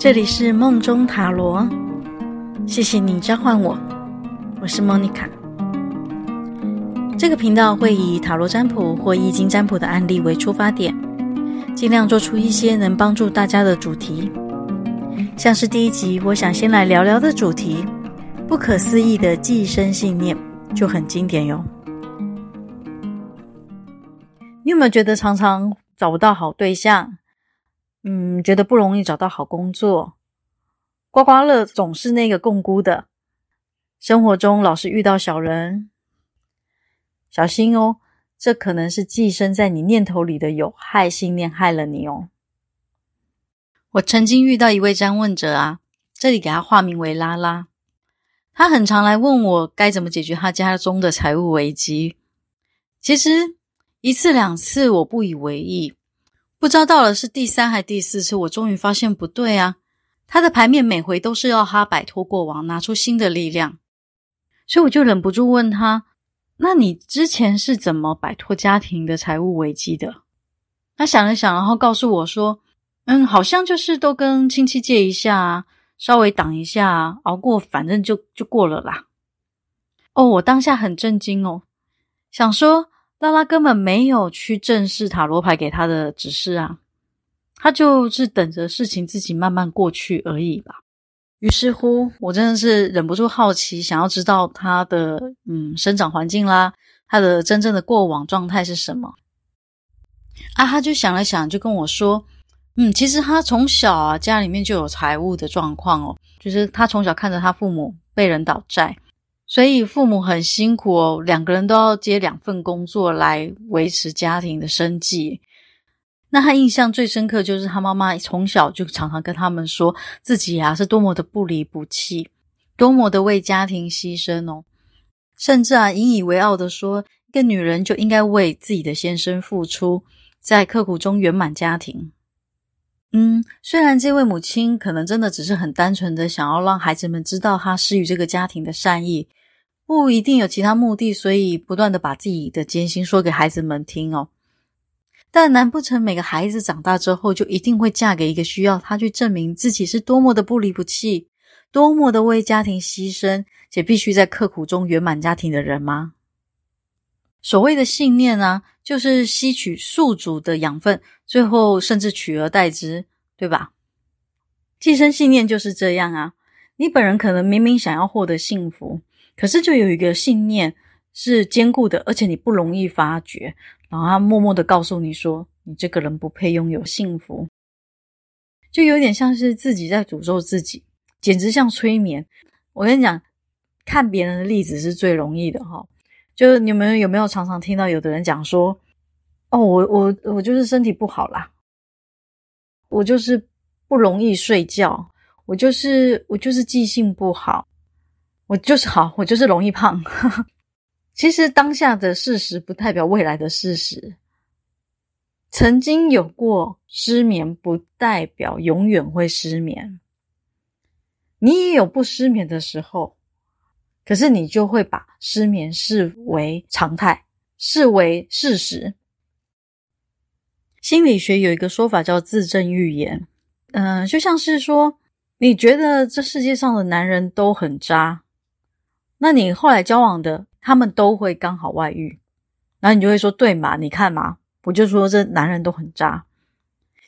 這裡是夢中塔羅，謝謝你召喚我，我是莫妮卡。這個頻道會以塔羅占卜或易經占卜的案例為出發點，尽量做出一些能幫助大家的主題。像是第一集，我想先來聊聊的主題，不可思議的寄生信念就很經典喲。你有沒有覺得常常找不到好對象？嗯，覺得不容易找到好工作，刮刮樂總是那個摃龜的，生活中老是遇到小人，小心哦，這可能是寄生在你念頭裡的有害信念害了你哦。我曾經遇到一位占問者啊，這裡給他化名為拉拉，他很常來問我該怎麼解決他家中的財務危機，其實一次兩次我不以為意。不知道到了是第三還是第四次，我終於發現不對啊！他的牌面每回都是要他擺脫過往，拿出新的力量，所以我就忍不住問他：“那你之前是怎麼擺脫家庭的財務危機的？”他想了想，然後告訴我說：“嗯，好像就是都跟親戚借一下啊，稍微擋一下啊，熬過，反正就就過了啦。”哦，我當下很震驚哦，想說，但他根本沒有去正視塔羅牌給他的指示啊，他就是等着事情自己慢慢過去而已吧。於是乎，我真的是忍不住好奇，想要知道他的嗯生長環境啦，他的真正的過往狀態是什麼。啊，他就想了想，就跟我說：“嗯，其實他從小啊，家裡面就有財務的狀況哦，就是他從小看着他父母被人倒債。”所以父母很辛苦哦，兩個人都要接兩份工作來維持家庭的生計。那他印象最深刻就是他媽媽從小就常常跟他們說自己啊是多麼的不離不棄，多麼的為家庭犧牲哦，甚至啊引以為傲的說，一個女人就應該為自己的先生付出，在刻苦中圓滿家庭。嗯，雖然這位母親可能真的只是很單純的想要讓孩子們知道她施予這個家庭的善意。不一定有其他目的，所以不斷的把自己的艱辛說給孩子們聽哦。但難不成每個孩子長大之後就一定會嫁給一個需要他去證明自己是多麼的不離不棄、多麼的為家庭犧牲，且必須在刻苦中圓滿家庭的人嗎？所謂的信念啊，就是吸取宿主的養分，最後甚至取而代之，對吧？寄生信念就是這樣啊。你本人可能明明想要獲得幸福。可是，就有一個信念是堅固的，而且你不容易發覺，然後他默默的告訴你說：“你這個人不配擁有幸福。”就有點像是自己在詛咒自己，簡直像催眠。我跟你講，看別人的例子是最容易的哈。就你們有沒有常常聽到有的人講說：“哦，我我我就是身體不好啦，我就是不容易睡覺，我就是我就是記性不好。”我就是好，我就是容易胖。 其實當下的事實不代表未來的事實。曾經有過失眠，不代表永遠會失眠。你也有不失眠的時候，可是你就會把失眠視為常態，視為事實。心理學有一個說法叫自證預言，嗯、呃，就像是說你覺得這世界上的男人都很渣。那你後來交往的，他們都會剛好外遇，然後你就會說對嘛，你看嘛，我就說這男人都很渣。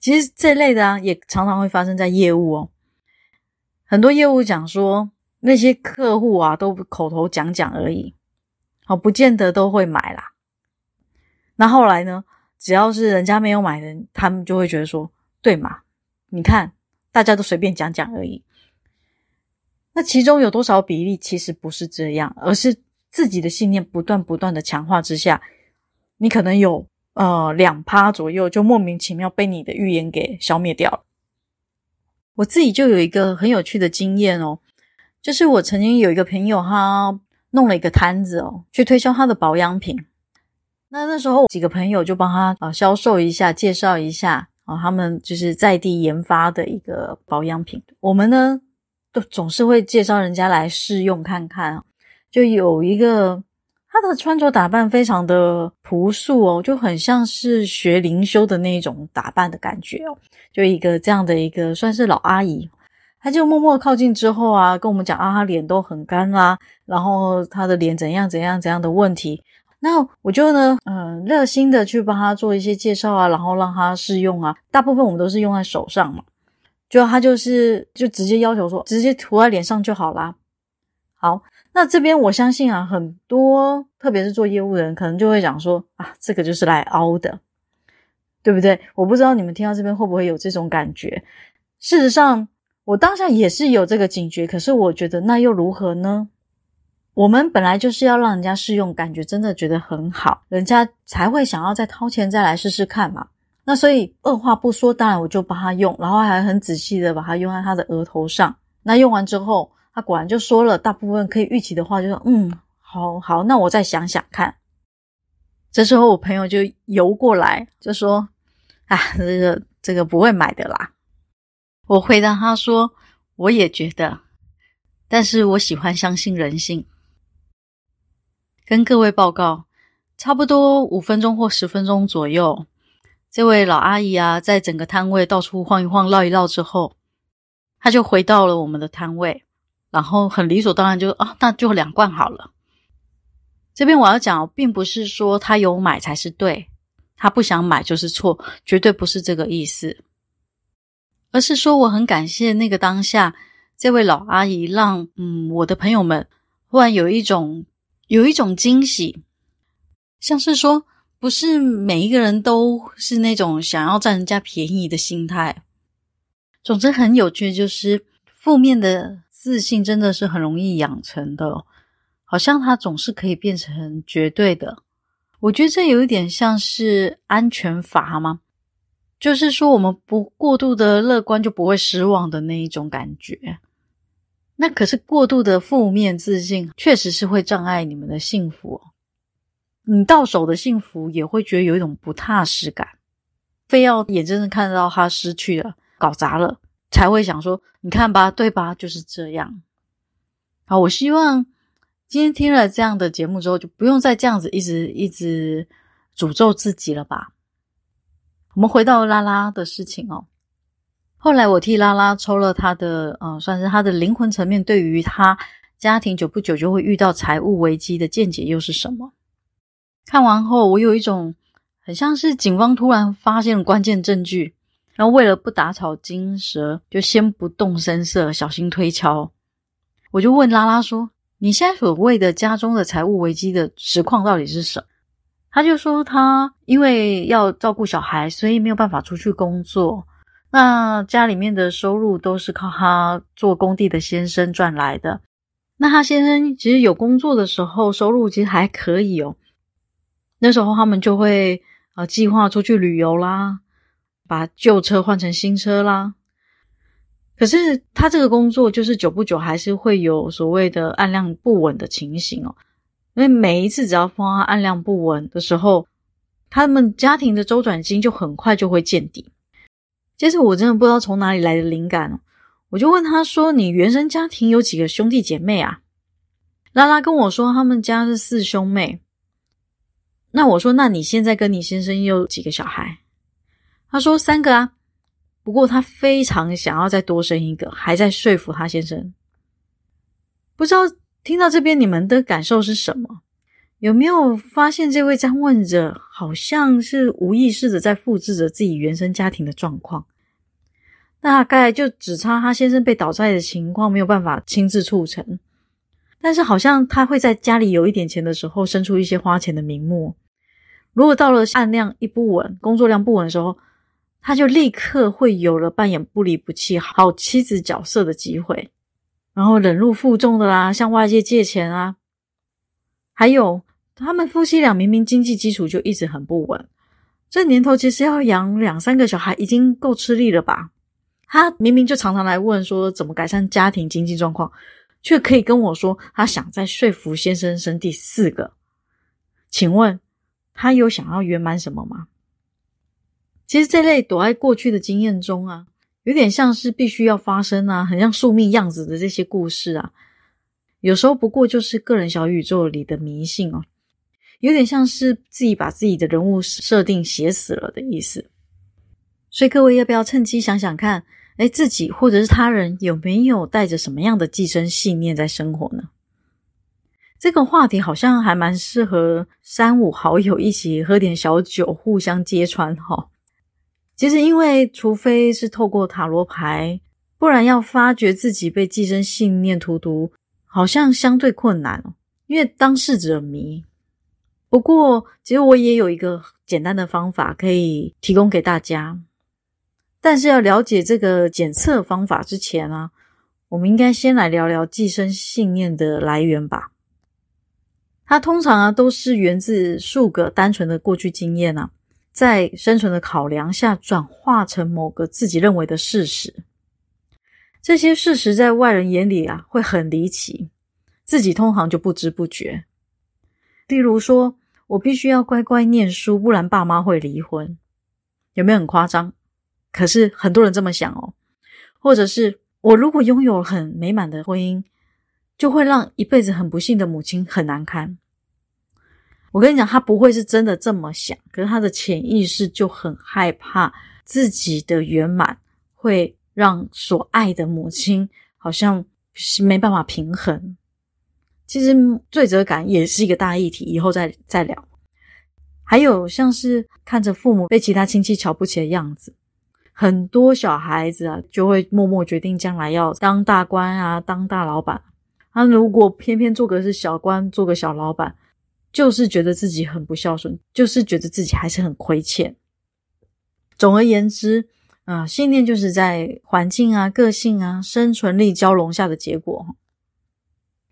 其實這類的啊，也常常會發生在業務哦。很多業務講說那些客戶啊，都口頭講講而已，好不見得都會買啦。那後來呢，只要是人家沒有買的人，他們就會覺得說對嘛，你看大家都隨便講講而已。那其中有多少比例其實不是這樣，而是自己的信念不斷不斷的強化之下，你可能有呃兩趴左右就莫名其妙被你的預言給消滅掉了。我自己就有一個很有趣的經驗哦，就是我曾經有一個朋友，他弄了一個攤子哦，去推銷他的保養品。那那時候幾個朋友就幫他啊、呃、銷售一下，介紹一下啊、呃，他們就是在地研發的一個保養品。我們呢？總是會介紹人家來試用看看，就有一個她的穿着打扮非常的樸素哦，就很像是學靈修的那種打扮的感覺哦，就一個這樣的一個算是老阿姨，她就默默靠近之後啊，跟我們講啊，她臉都很乾啊，然後她的臉怎樣怎樣怎樣的問題，那我就呢，嗯，熱心的去幫她做一些介紹啊，然後讓她試用啊，大部分我們都是用在手上嘛。就他就是就直接要求說，直接塗在臉上就好啦。好，那這邊我相信啊，很多特別是做業務的人，可能就會講說啊，這個就是來凹的，對不對？我不知道你們聽到這邊會不會有這種感覺。事實上，我當下也是有這個警覺，可是我覺得那又如何呢？我們本來就是要讓人家試用，感覺真的覺得很好，人家才會想要再掏錢再來試試看嘛。那所以，二話不說，當然我就把它用，然後還很仔細的把它用在他的額頭上。那用完之後，他果然就說了大部分可以預期的話，就說：“嗯，好好，那我再想想看。”這時候，我朋友就游過來，就說：“啊，這個這個不會買的啦。”我回答他說：“我也覺得，但是我喜歡相信人性。”跟各位報告，差不多五分鐘或十分鐘左右。這位老阿姨啊，在整個攤位到處晃一晃、繞一繞之後，他就回到了我們的攤位，然後很理所當然就啊，那就兩罐好了。這邊我要講，並不是說他有買才是對，他不想買就是錯，絕對不是這個意思，而是說我很感謝那個當下這位老阿姨讓，讓嗯我的朋友們忽然有一種有一種驚喜，像是說。不是每一個人都是那種想要占人家便宜的心態。總之，很有趣，就是負面的自信真的是很容易養成的，好像它總是可以變成絕對的。我覺得這有一點像是安全閥嗎？就是說，我們不過度的樂觀就不會失望的那一種感覺。那可是過度的負面自信，確實是會障礙你們的幸福。你到手的幸福也會覺得有一種不踏實感，非要眼睜睜看到他失去了、搞砸了，才會想說：“你看吧，對吧？就是這樣。”好，我希望今天聽了這樣的節目之後，就不用再這樣子一直一直詛咒自己了吧。我們回到拉拉的事情哦。後來我替拉拉抽了他的，呃，算是他的靈魂層面，對於他家庭久不久就會遇到財務危機的見解又是什麼？看完後，我有一種很像是警方突然發現了關鍵證據，然後為了不打草驚蛇，就先不動聲色，小心推敲。我就問拉拉說：“你現在所謂的家中的財務危機的實況到底是什麼？”他就說：“他因為要照顧小孩，所以沒有辦法出去工作。那家裡面的收入都是靠他做工地的先生賺來的。那他先生其實有工作的時候，收入其實還可以哦。”那時候他們就會呃計劃出去旅遊啦，把舊車換成新車啦。可是他這個工作就是久不久還是會有所謂的案量不穩的情形哦。因為每一次只要發生案量不穩的時候，他們家庭的周轉金就很快就會見底。接着我真的不知道從哪裡來的靈感哦，我就問他說：“你原生家庭有幾個兄弟姐妹啊？”拉拉跟我說他們家是四兄妹。那我說，那你現在跟你先生有幾個小孩？他說三個啊，不過他非常想要再多生一個，還在說服他先生。不知道聽到這邊你們的感受是什麼？有沒有發現這位占問者好像是無意識的在複制着自己原生家庭的狀況？大概就只差他先生被倒債的情況沒有辦法親自促成，但是好像他會在家裡有一點錢的時候，生出一些花錢的名目。如果到了案量一不穩、工作量不穩的時候，他就立刻會有了扮演不離不棄好妻子角色的機會，然後忍辱負重的啦，向外界借錢啊，還有他們夫妻倆明明經濟基礎就一直很不穩，這年頭其實要養兩三個小孩已經夠吃力了吧？他明明就常常來問說怎麼改善家庭經濟狀況，卻可以跟我說他想再說服先生生第四個，請問？他有想要圓滿什麼嗎？其實這類躲在過去的經驗中啊，有點像是必須要發生啊，很像宿命樣子的這些故事啊，有時候不過就是個人小宇宙裡的迷信哦，有點像是自己把自己的人物設定寫死了的意思。所以各位要不要趁機想想看，哎，自己或者是他人有沒有帶着什麼樣的寄生信念在生活呢？這個話題好像還蠻適合三五好友一起喝點小酒，互相揭穿哈。其實，因為除非是透過塔羅牌，不然要發覺自己被寄生信念荼毒，好像相對困難哦，因為當事者迷。不過，其實我也有一個簡單的方法可以提供給大家。但是，要了解這個檢測方法之前呢，啊，我們應該先來聊聊寄生信念的來源吧。它通常啊，都是源自數個單純的過去經驗啊，在生存的考量下，轉化成某個自己認為的事實。這些事實在外人眼裡啊，會很離奇，自己通常就不知不覺。例如說，我必須要乖乖念書，不然爸媽會離婚，有沒有很誇張？可是很多人這麼想哦，或者是我如果擁有很美滿的婚姻。就會讓一輩子很不幸的母親很難堪。我跟你講，他不會是真的這麼想，可是他的潛意識就很害怕自己的圓滿會讓所愛的母親好像沒辦法平衡。其實罪責感也是一個大議題，以後再再聊。還有像是看着父母被其他親戚瞧不起的樣子，很多小孩子啊，就會默默決定將來要當大官啊，當大老闆。那、啊、如果偏偏做個是小官，做個小老闆，就是覺得自己很不孝順，就是覺得自己還是很虧欠。總而言之，啊，信念就是在環境啊、個性啊、生存力交融下的結果。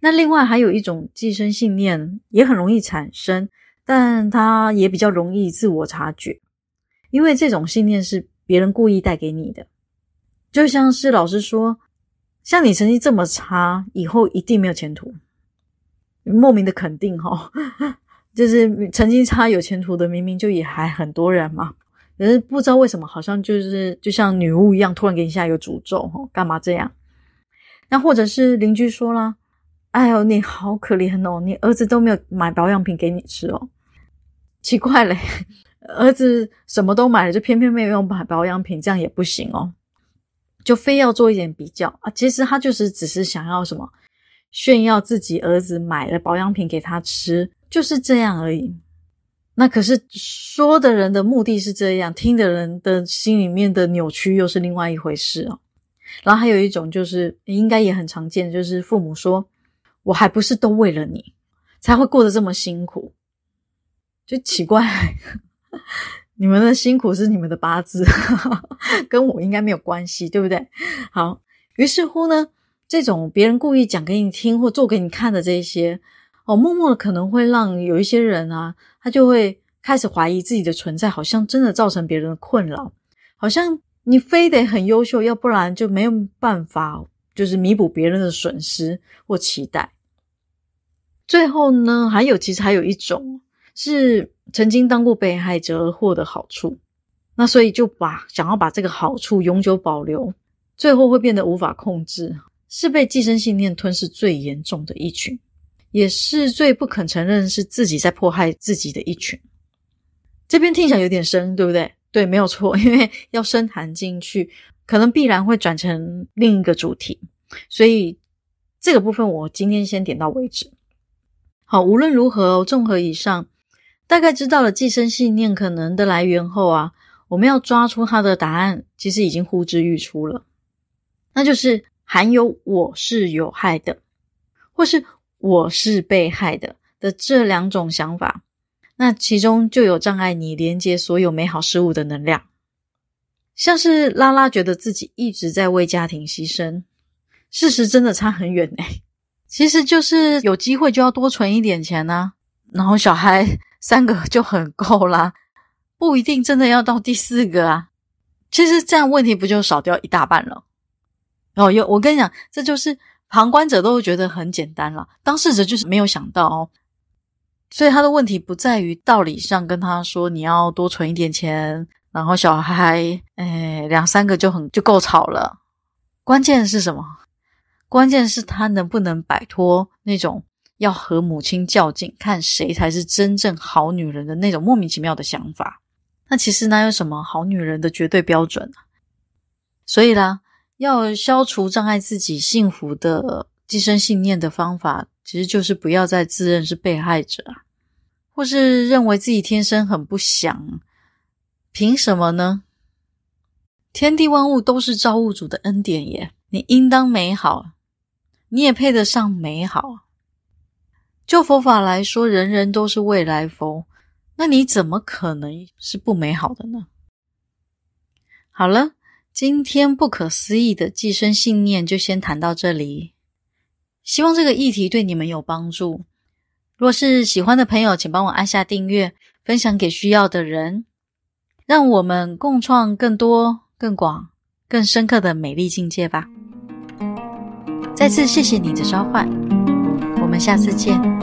那另外還有一種寄生信念，也很容易產生，但它也比較容易自我察覺，因為這種信念是別人故意帶給你的，就像是老師說。像你成績這麼差，以後一定沒有前途。莫名的肯定哈、哦，就是成績差有前途的明明就也還很多人嘛，可是不知道為什麼好像就是就像女巫一樣，突然給你下一個詛咒哈，幹嘛這樣？那或者是鄰居說了：“哎呦，你好可憐哦，你兒子都沒有買保養品給你吃哦，奇怪嘞，兒子什麼都買了，就偏偏沒有用買保養品，這樣也不行哦。”就非要做一點比較啊，其實他就是只是想要什麼炫耀自己兒子買了保養品給他吃，就是這樣而已。那可是說的人的目的是這樣，聽的人的心裡面的扭曲又是另外一回事哦。然後還有一種就是應該也很常見，就是父母說我還不是都為了你才會過得這麼辛苦，就奇怪。 你們的辛苦是你們的八字，呵呵，跟我應該沒有關係，對不對？好，於是乎呢，這種別人故意講給你聽或做給你看的這些，哦，默默的可能會讓有一些人啊，他就會開始懷疑自己的存在，好像真的造成別人的困擾，好像你非得很優秀，要不然就沒有辦法，就是彌補別人的損失或期待。最後呢，還有其實還有一種是。曾經當過被害者而獲得好處，那所以就把，想要把這個好處永久保留，最後會變得無法控制，是被寄生信念吞噬最嚴重的一群，也是最不肯承認是自己在迫害自己的一群。這邊聽起來有點深，對不對？對，沒有錯，因為要深談進去，可能必然會轉成另一個主題，所以這個部分我今天先點到為止。好，無論如何，綜合以上。大概知道了寄生信念可能的來源後啊，我們要抓出它的答案，其實已經呼之欲出了。那就是含有“我是有害的”或是“我是被害的”的這兩種想法，那其中就有障礙你連接所有美好事物的能量。像是拉拉覺得自己一直在為家庭犧牲，事實真的差很遠呢、欸。其實就是有機會就要多存一點錢呢、啊，然後小孩。三個就很夠啦，不一定真的要到第四個啊。其實這樣問題不就少掉一大半了？哦，有，我跟你講，這就是旁觀者都會覺得很簡單了，當事者就是沒有想到哦。所以他的問題不在於道理上跟他說你要多存一點錢，然後小孩，哎，兩三個就很，就夠吵了。關鍵是什麼？關鍵是他能不能擺脫那種。要和母親較勁，看誰才是真正好女人的那種莫名其妙的想法。那其實哪有什麼好女人的絕對標準啊？所以啦，要消除障礙自己幸福的寄生信念的方法，其實就是不要再自認是被害者，或是認為自己天生很不祥。憑什麼呢？天地萬物都是造物主的恩典耶，你應當美好，你也配得上美好。就佛法來說，人人都是未來佛。那你怎麼可能是不美好的呢？好了，今天不可思議的寄生信念就先談到這裡。希望這個議題對你們有幫助。若是喜歡的朋友，請幫我按下訂閱，分享給需要的人，讓我們共創更多、更廣、更深刻的美麗境界吧。再次謝謝你的召喚，我們下次見。